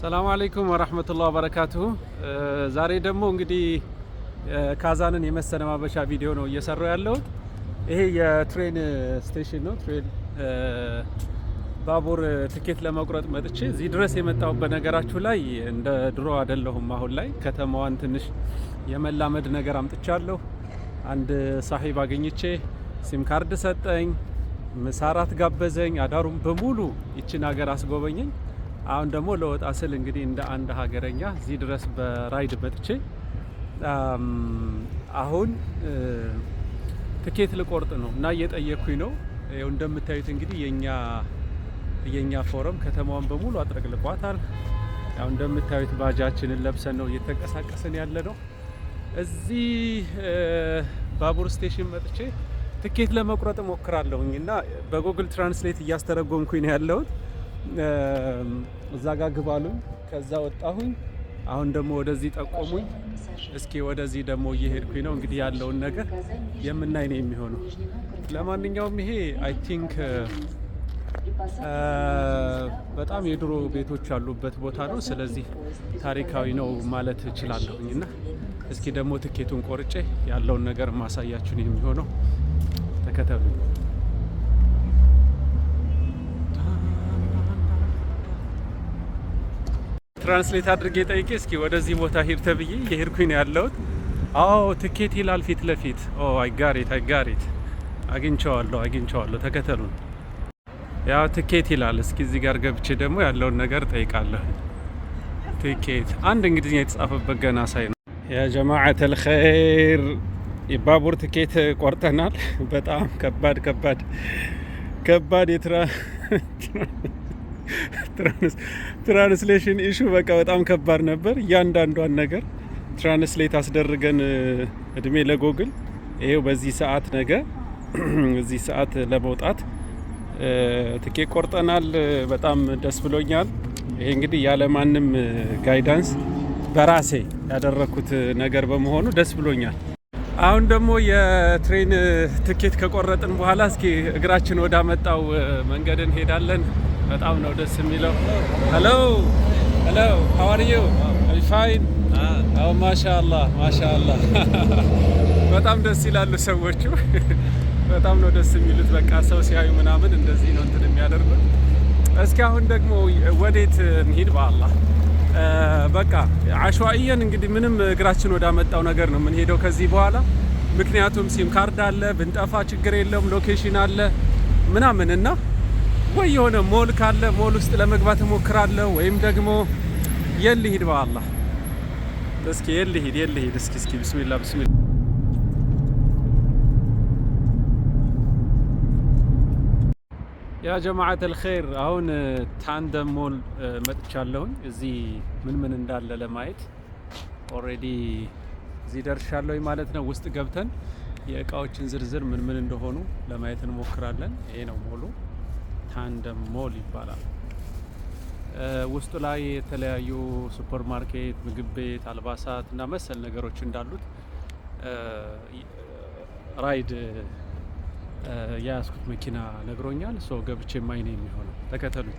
ሰላም አለይኩም ወራህመቱላህ ወበረካቱ። ዛሬ ደግሞ እንግዲህ ካዛንን የመሰለ ማበሻ ቪዲዮ ነው እየሰራው ያለው። ይሄ የትሬን ስቴሽን ነው። ትሬን ባቡር ትኬት ለመቁረጥ መጥቼ እዚህ ድረስ የመጣው በነገራችሁ ላይ እንደ ድሮ አይደለሁም። አሁን ላይ ከተማዋን ትንሽ የመላመድ ነገር አምጥቻለሁ። አንድ ሳሂብ አገኝቼ ሲም ካርድ ሰጠኝ፣ ምሳራት ጋበዘኝ፣ አዳሩም በሙሉ ይችን ሀገር አስጎበኘኝ። አሁን ደግሞ ለወጣ ስል እንግዲህ እንደ አንድ ሀገረኛ እዚህ ድረስ በራይድ መጥቼ አሁን ትኬት ልቆርጥ ነው እና እየጠየኩኝ ነው። ይኸው እንደምታዩት እንግዲህ የኛ የኛ ፎረም ከተማዋን በሙሉ አጥረቅልቋታል። ያው እንደምታዩት ባጃችንን ለብሰን ነው እየተንቀሳቀስን ያለ ነው። እዚህ ባቡር ስቴሽን መጥቼ ትኬት ለመቁረጥ ሞክራለሁኝ እና በጉግል ትራንስሌት እያስተረጎምኩኝ ነው ያለሁት። እዛ ጋር ግባሉኝ። ከዛ ወጣሁኝ። አሁን ደግሞ ወደዚህ ጠቆሙኝ። እስኪ ወደዚህ ደግሞ እየሄድኩኝ ነው። እንግዲህ ያለውን ነገር የምናይ ነው የሚሆነው። ለማንኛውም ይሄ አይ ቲንክ በጣም የድሮ ቤቶች ያሉበት ቦታ ነው። ስለዚህ ታሪካዊ ነው ማለት እችላለሁኝ። እና እስኪ ደግሞ ትኬቱን ቆርጬ ያለውን ነገር ማሳያችሁን የሚሆነው ተከተሉ። ትራንስሌት አድርጌ ጠይቄ እስኪ ወደዚህ ቦታ ሂድ ተብዬ የሄድኩኝ ነው ያለሁት። አዎ ትኬት ይላል ፊት ለፊት። ኦ አይጋሪት አይጋሪት፣ አግኝቸዋለሁ አግኝቸዋለሁ። ተከተሉን። ያው ትኬት ይላል። እስኪ እዚህ ጋር ገብቼ ደግሞ ያለውን ነገር ጠይቃለሁ። ትኬት አንድ እንግሊዝኛ የተጻፈበት ገና ሳይ ነው። ያ ጀማዓት አልኸይር የባቡር ትኬት ቆርጠናል። በጣም ከባድ ከባድ ከባድ የትራ ትራንስሌሽን ኢሹ በቃ በጣም ከባድ ነበር። እያንዳንዷን ነገር ትራንስሌት አስደርገን እድሜ ለጎግል ይሄው በዚህ ሰዓት ነገ እዚህ ሰዓት ለመውጣት ትኬት ቆርጠናል። በጣም ደስ ብሎኛል። ይሄ እንግዲህ ማንም ጋይዳንስ በራሴ ያደረኩት ነገር በመሆኑ ደስ ብሎኛል። አሁን ደግሞ የትሬን ትኬት ከቆረጥን በኋላ እስኪ እግራችን ወዳመጣው መንገድ እንሄዳለን። በጣም ነው ደስ የሚለው። ሄሎ ሄሎ ሃው አር ዩ ፋይን። አዎ ማሻአላ ማሻአላ። በጣም ደስ ይላሉ ሰዎቹ። በጣም ነው ደስ የሚሉት። በቃ ሰው ሲያዩ ምናምን እንደዚህ ነው እንትን የሚያደርጉት። እስኪ አሁን ደግሞ ወዴት እንሂድ? በአላህ በቃ አሸዋእየን እንግዲህ ምንም እግራችን ወዳመጣው ነገር ነው የምንሄደው ከዚህ በኋላ ምክንያቱም ሲም ካርድ አለ፣ ብንጠፋ ችግር የለውም ሎኬሽን አለ ምናምን እና ወይ የሆነ ሞል ካለ ሞል ውስጥ ለመግባት እሞክራለሁ፣ ወይም ደግሞ የል ሂድ በአላህ እስኪ የል ሂድ የል ሂድ እስኪ እስኪ ብስሚላ ብስሚላ ያ ጀማዓት አልኸይር አሁን ታንደም ሞል መጥቻለሁኝ። እዚህ ምን ምን እንዳለ ለማየት ኦልሬዲ እዚህ ደርሻለሁኝ ማለት ነው። ውስጥ ገብተን የእቃዎችን ዝርዝር ምን ምን እንደሆኑ ለማየት እንሞክራለን። ይሄ ነው ሞሉ። ታንደም ሞል ይባላል። ውስጡ ላይ የተለያዩ ሱፐር ማርኬት፣ ምግብ ቤት፣ አልባሳት እና መሰል ነገሮች እንዳሉት ራይድ የያዝኩት መኪና ነግሮኛል። ሰው ገብቼ ማይነ የሚሆነው ተከተሉኝ።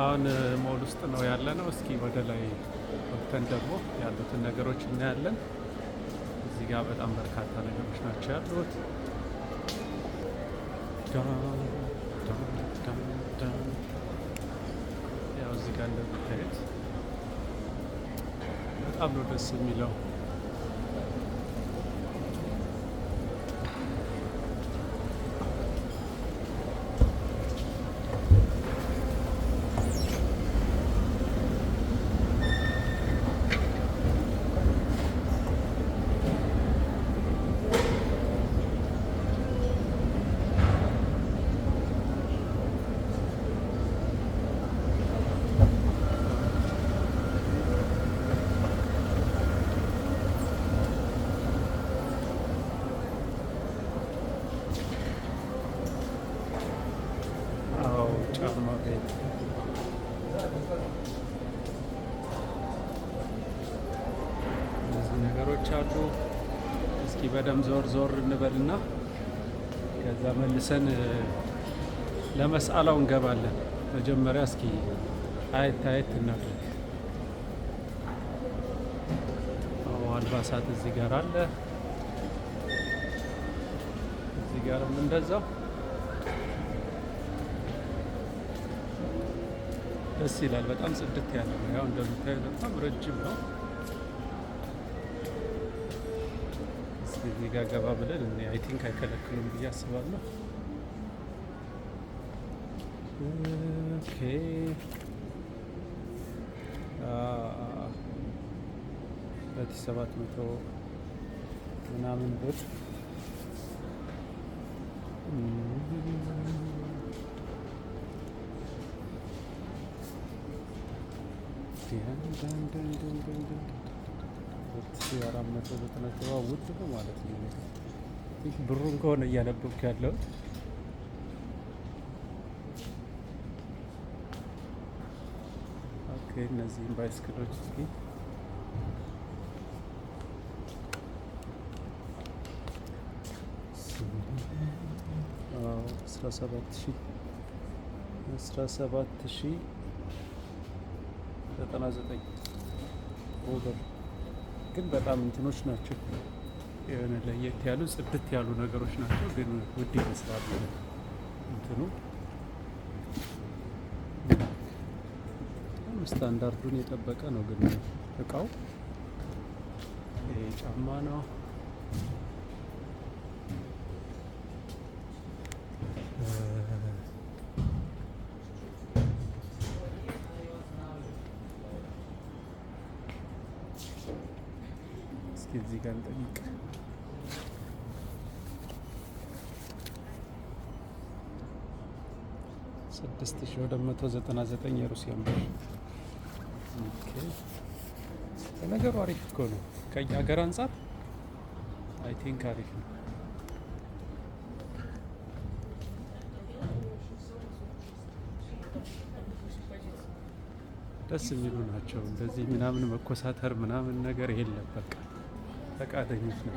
አሁን ሞል ውስጥ ነው ያለ ነው። እስኪ ወደ ላይ ወጥተን ደግሞ ያሉትን ነገሮች እናያለን። እዚህ ጋር በጣም በርካታ ነገሮች ናቸው ያሉት። ያው እዚህ ጋር እንደምታዩት በጣም ነው ደስ የሚለው ሱቆች አሉ። እስኪ በደም ዞር ዞር እንበልና ከዛ መልሰን ለመስአላው እንገባለን። መጀመሪያ እስኪ አየት አየት እናድርግ። አልባሳት እዚህ ጋር አለ፣ እዚህ ጋርም እንደዛው ደስ ይላል። በጣም ጽድት ያለ ነው። ያው እንደምታዩ በጣም ረጅም ነው። እዚህ ጋር ገባ ብለን እኔ አይ ቲንክ አይከለክሉም ብዬ አስባለሁ። ኦኬ ሁለት ሰባት መቶ ምናምን ብር ዳን አራት መቶ ዘጠና ሰባ ውድ ነው ማለት ነው። ይህ ብሩን ከሆነ እያነበብክ ያለው ኦኬ። እነዚህም ባይስክሎች እስኪ አስራ ሰባት ሺህ አስራ ሰባት ሺህ ዘጠና ዘጠኝ ኦቨር ግን በጣም እንትኖች ናቸው። የሆነ ለየት ያሉ ጽድት ያሉ ነገሮች ናቸው። ግን ውድ ይመስላሉ እንትኑ ስታንዳርዱን የጠበቀ ነው። ግን እቃው ጫማ ነው። ጋር ልጠይቅ። ስድስት ሺ ሁለት መቶ ዘጠና ዘጠኝ የሩሲያን ብር ለነገሩ አሪፍ እኮ ነው። ከኛ ሀገር አንጻር አይ ቲንክ አሪፍ ነው። ደስ የሚሉ ናቸው። እንደዚህ ምናምን መኮሳተር ምናምን ነገር የለም በቃ Tak, a tak nic nie.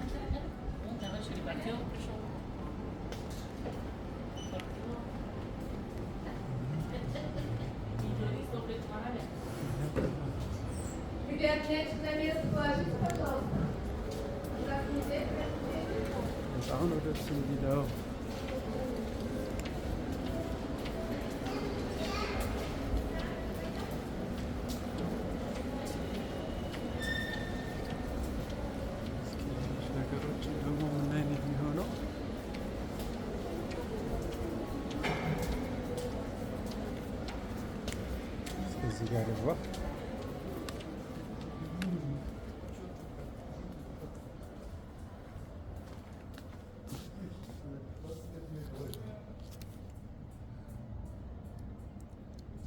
Ребят, мяч на место положите, пожалуйста. Как не Вот он уже все видел.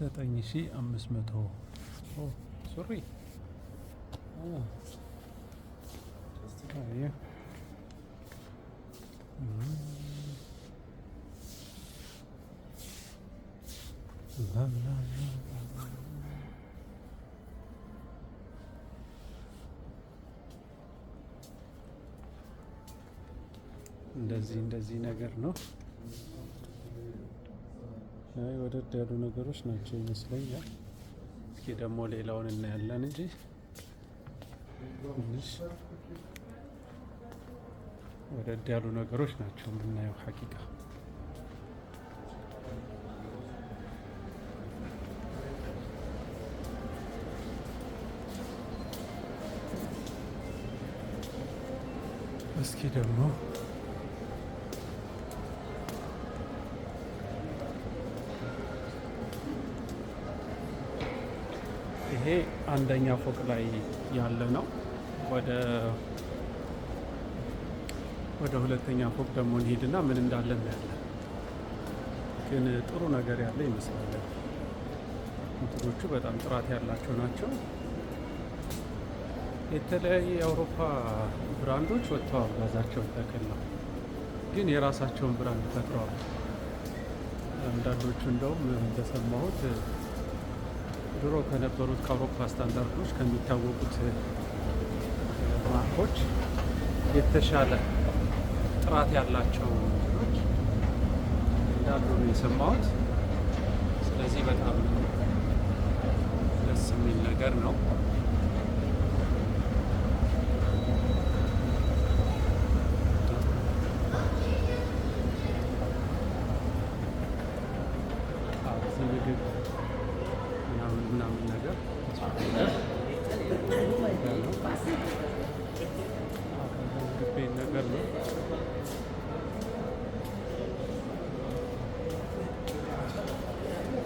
ዘጠኝ ሺ አምስት መቶ ሱሪ እንደዚህ እንደዚህ ነገር ነው። አይ ወደድ ያሉ ነገሮች ናቸው ይመስለኛል። እስኪ ደግሞ ሌላውን እናያለን እንጂ ወደድ ያሉ ነገሮች ናቸው የምናየው ሀቂቃ እስኪ ደግሞ ይሄ አንደኛ ፎቅ ላይ ያለ ነው። ወደ ወደ ሁለተኛ ፎቅ ደግሞ እንሄድና ምን እንዳለ እናያለን። ግን ጥሩ ነገር ያለ ይመስላል። እንትኖቹ በጣም ጥራት ያላቸው ናቸው። የተለያዩ የአውሮፓ ብራንዶች ወጥተዋል። ጋዛቸውን ተክል ነው ግን የራሳቸውን ብራንድ ፈጥረዋል። አንዳንዶቹ እንደውም እንደሰማሁት ድሮ ከነበሩት ከአውሮፓ ስታንዳርዶች ከሚታወቁት ማርኮች የተሻለ ጥራት ያላቸው እንትኖች እንዳሉ ነው የሰማሁት። ስለዚህ በጣም ደስ የሚል ነገር ነው።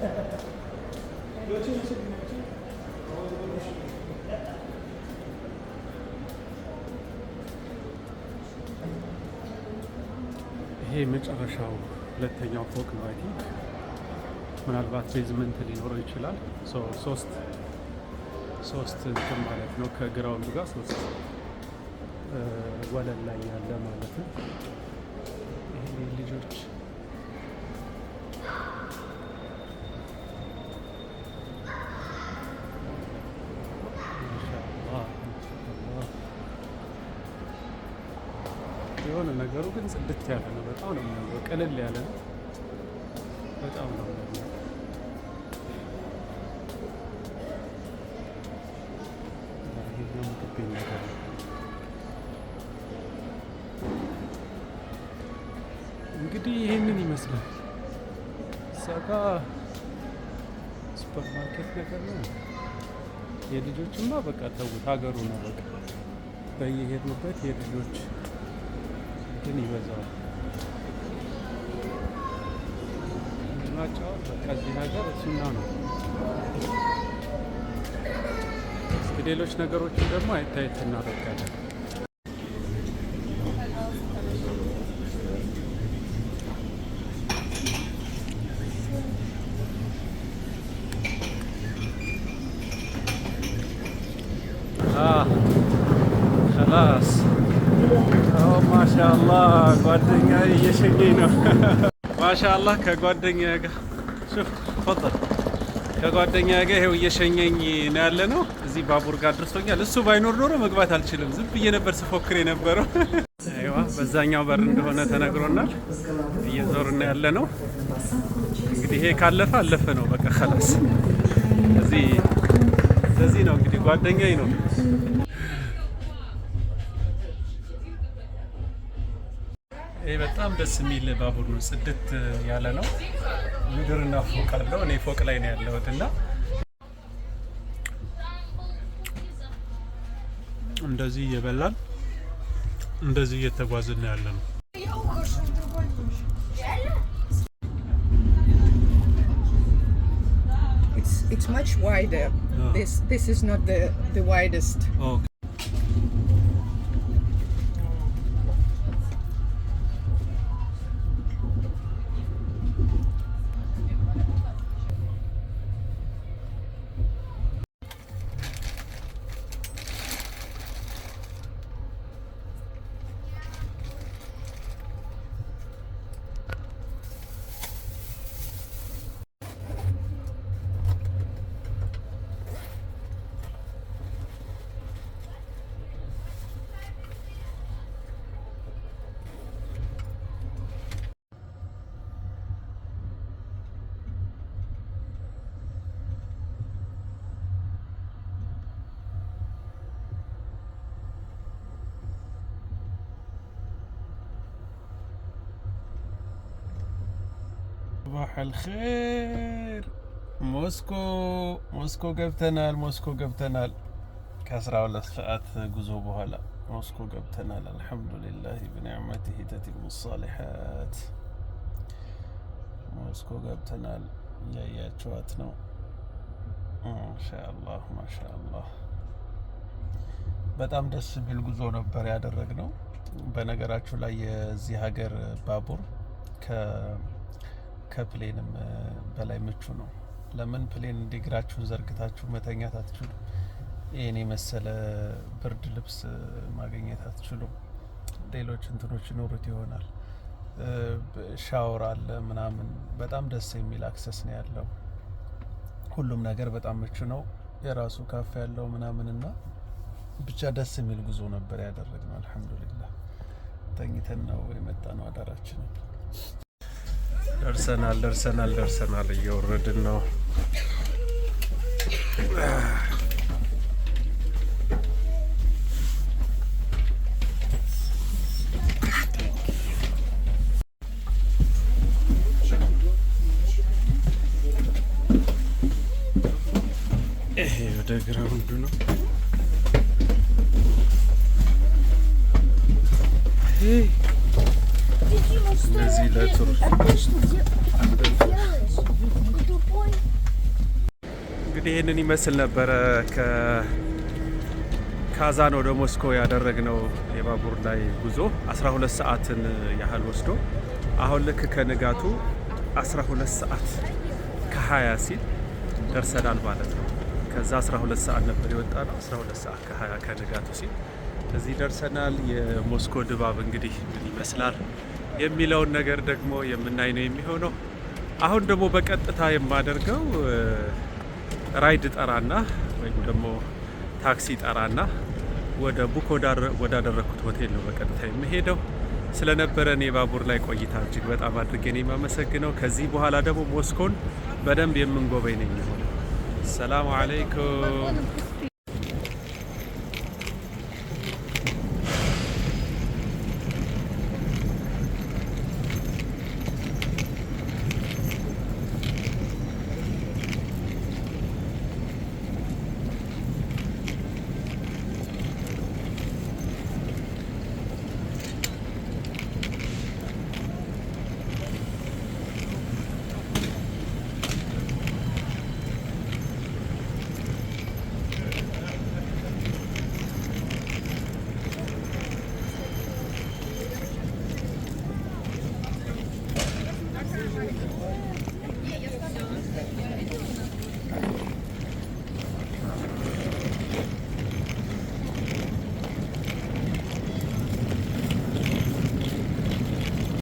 ይሄ መጨረሻው ሁለተኛው ፎቅ ነው። አይ ምናልባት ቤዝመንት ሊኖረው ይችላል። ሶስት ሶስት እንትን ማለት ነው ከግራውንዱ ጋር ሶስት ወለል ላይ ያለ ማለት ነው። የሆነ ነገሩ ግን ጽድት ያለ ነው። በጣም ነው የሚያምረው። ቅልል ያለ ነው። በጣም ነው እንግዲህ ይህንን ይመስላል። ሰጋ ሱፐር ማርኬት ነገር ነው። የልጆችማ በቃ ተውት፣ ሀገሩ ነው በቃ በየሄድንበት የልጆች ግን ይበዛዋል። ጫወት በቃ እዚህ ሀገር እሱና ነው። እስኪ ሌሎች ነገሮችን ደግሞ አይታየት እናደርጋለን። ላስ ah, ማሻአላህ ጓደኛዬ እየሸኘኝ ነው። ማሻአላህ ከጓደኛዬ ጋር ፈጠር ጋር ይኸው እየሸኘኝ ነው ያለ ነው። እዚህ ባቡር ጋር ደርሶኛል። እሱ ባይኖር ኖሮ መግባት አልችልም። ዝም ብዬ ነበር ስፎክር የነበረው። በዛኛው በር እንደሆነ ተነግሮናል። እየዞርን ያለ ነው እንግዲህ። ይሄ ካለፈ አለፈ ነው በቃ ከላስ። እዚህ ነው እንግዲህ ጓደኛዬ ነው ይህ በጣም ደስ የሚል ባቡር ነው። ጽድት ያለ ነው። ምድርና ፎቅ አለው። እኔ ፎቅ ላይ ነው ያለሁት እና እንደዚህ እየበላን እንደዚህ እየተጓዝን ያለ ነው። It's much wider. Ah. This this is not the the widest. صباح الخير موسكو موسكو قبتنال موسكو قبتنال كسرة ولا ساعات جزو بهلا موسكو قبتنال الحمد لله بنعمته تتم الصالحات موسكو قبتنال يا يا تواتنا ما شاء الله ما شاء الله በጣም ደስ የሚል ጉዞ ነበር ያደረግ ነው በነገራችሁ ላይ የዚህ ሀገር ባቡር ከፕሌንም በላይ ምቹ ነው። ለምን ፕሌን እንዲ እግራችሁን ዘርግታችሁ መተኛት አትችሉም። ይህን የመሰለ ብርድ ልብስ ማግኘት አትችሉም። ሌሎች እንትኖች ይኖሩት ይሆናል። ሻወር አለ ምናምን። በጣም ደስ የሚል አክሰስ ነው ያለው። ሁሉም ነገር በጣም ምቹ ነው። የራሱ ካፌ ያለው ምናምን ብቻ ደስ የሚል ጉዞ ነበር ያደረግነው። አልሐምዱሊላህ ተኝተን ነው የመጣ ነው አዳራችንን ደርሰናል፣ ደርሰናል፣ ደርሰናል። እየወረድን ነው። እንግዲህ ይህንን ይመስል ነበረ ከካዛን ወደ ሞስኮ ያደረግነው የባቡር ላይ ጉዞ 12 ሰዓትን ያህል ወስዶ አሁን ልክ ከንጋቱ 12 ሰዓት ከ20 ሲል ደርሰናል ማለት ነው። ከዛ 12 ሰዓት ነበር የወጣ ነው። 12 ሰዓት ከ20 ከንጋቱ ሲል እዚህ ደርሰናል። የሞስኮ ድባብ እንግዲህ ምን ይመስላል የሚለውን ነገር ደግሞ የምናይ ነው የሚሆነው። አሁን ደግሞ በቀጥታ የማደርገው ራይድ ጠራና ወይም ደግሞ ታክሲ ጠራና ወደ ቡክ ወዳደረግኩት ሆቴል ነው በቀጥታ የምሄደው። ስለነበረን የባቡር ላይ ቆይታ እጅግ በጣም አድርጌ ነው የማመሰግነው። ከዚህ በኋላ ደግሞ ሞስኮን በደንብ የምንጎበኝ ነው የሚሆነው። ሰላሙ አለይኩም